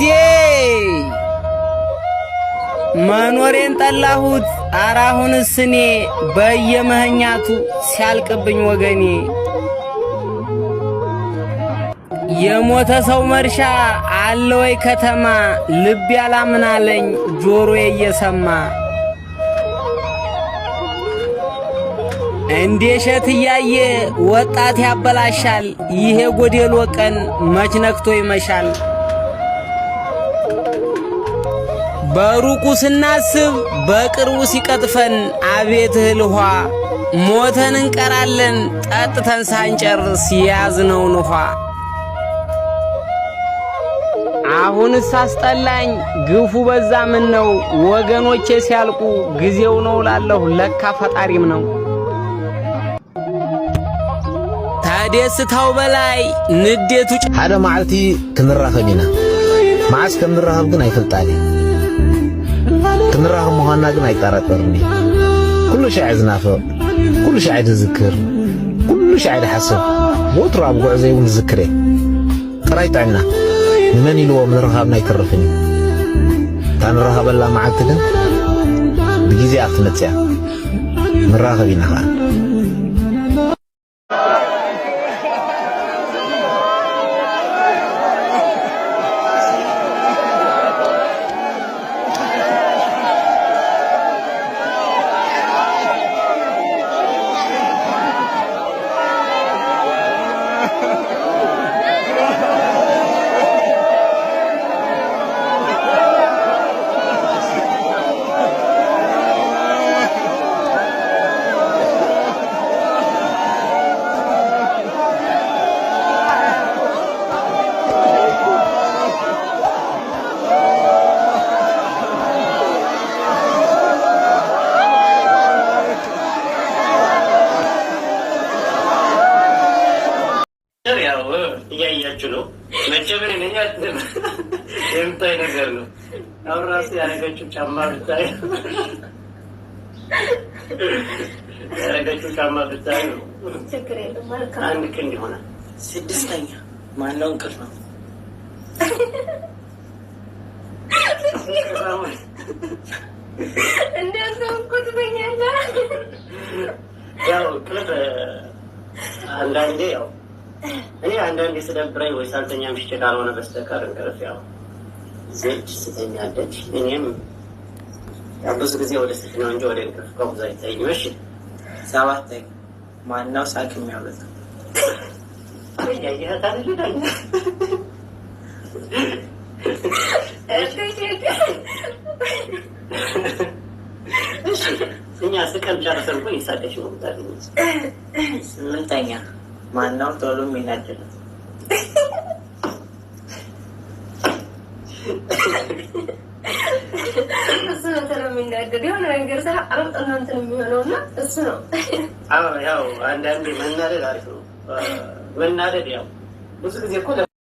ጊዜ መኖሬን ጠላሁት አራሁንስ እኔ በየመህኛቱ ሲያልቅብኝ ወገኔ የሞተ ሰው መርሻ አለ ወይ ከተማ ልብ ያላምናለኝ ጆሮዬ እየሰማ እንዴ እሸት እያየ ወጣት ያበላሻል ይሄ ጎደሎ ቀን መች ነክቶ ይመሻል። በሩቁ ስናስብ በቅርቡ ሲቀጥፈን አቤት እህል ውኃ ሞተን እንቀራለን ጠጥተን ሳንጨርስ ያዝነውን ውኃ። አሁንስ አስጠላኝ ግፉ በዛ ምን ነው ወገኖቼ ሲያልቁ ጊዜው ነው ላለሁ ለካ ፈጣሪም ነው። ተደስታው በላይ ንዴቱ ሓደ መዓልቲ ትምራኸብ ኢና መዓስ ከም ግን ኣይፈልጣን ክንራኸ ምዃና ግን ኣይጠራጠርኒ ኩሉ ሻዕ ዝናፍቕ ኩሉ ሻዕ ዝዝክር ኩሉ ሻዕ ዝሓስብ ወትሮ ኣብ ጉዕዘ እውን ዝዝክር እየ ጥራይ ጥዕና ንመን ኢልዎ ምንረኻብና ኣይተርፍን እዩ እታ ንረኸበላ መዓልቲ ግን ብጊዜ ኣኽትመፅያ ንራኸብ ኢና ኸዓ ያው እያያችሁ ነው መጀመር ነኛ የምታይ ነገር ነው። አሁን ራሱ ያደረገችው ጫማ ብታይ ያደረገችው ጫማ ብታይ ነው አንድ ክንድ ይሆናል። ስድስተኛ ማነው እንቅል ነው ያው ቅልብ አንዳንዴ ያው እኔ አንዳንዴ ስደብረኝ ወይ ሳልተኛ ምሽቼ ካልሆነ በስተቀር እንቅልፍ ያው ዘጅ ስተኛለች። እኔም ብዙ ጊዜ ወደ ስልክ ነው እንጂ ወደ እንቅልፍ ከብዙ አይተኝም። እሺ ሰባት ማናው ሳቅ የሚያወጣ እኛ ስቀን ጨርሰን እኮ ይሳቀሽ ነው ስምንተኛ ማናውም ቶሎ የሚናደድ እሱ ነው ቶሎ የሚናደድ የሆነ ነገር ስራ አመጣና እንትን የሚሆነው እና እሱ ነው። አዎ ያው አንዳንዴ መናደድ አሪፍ ነው። መናደድ ያው ብዙ ጊዜ እኮ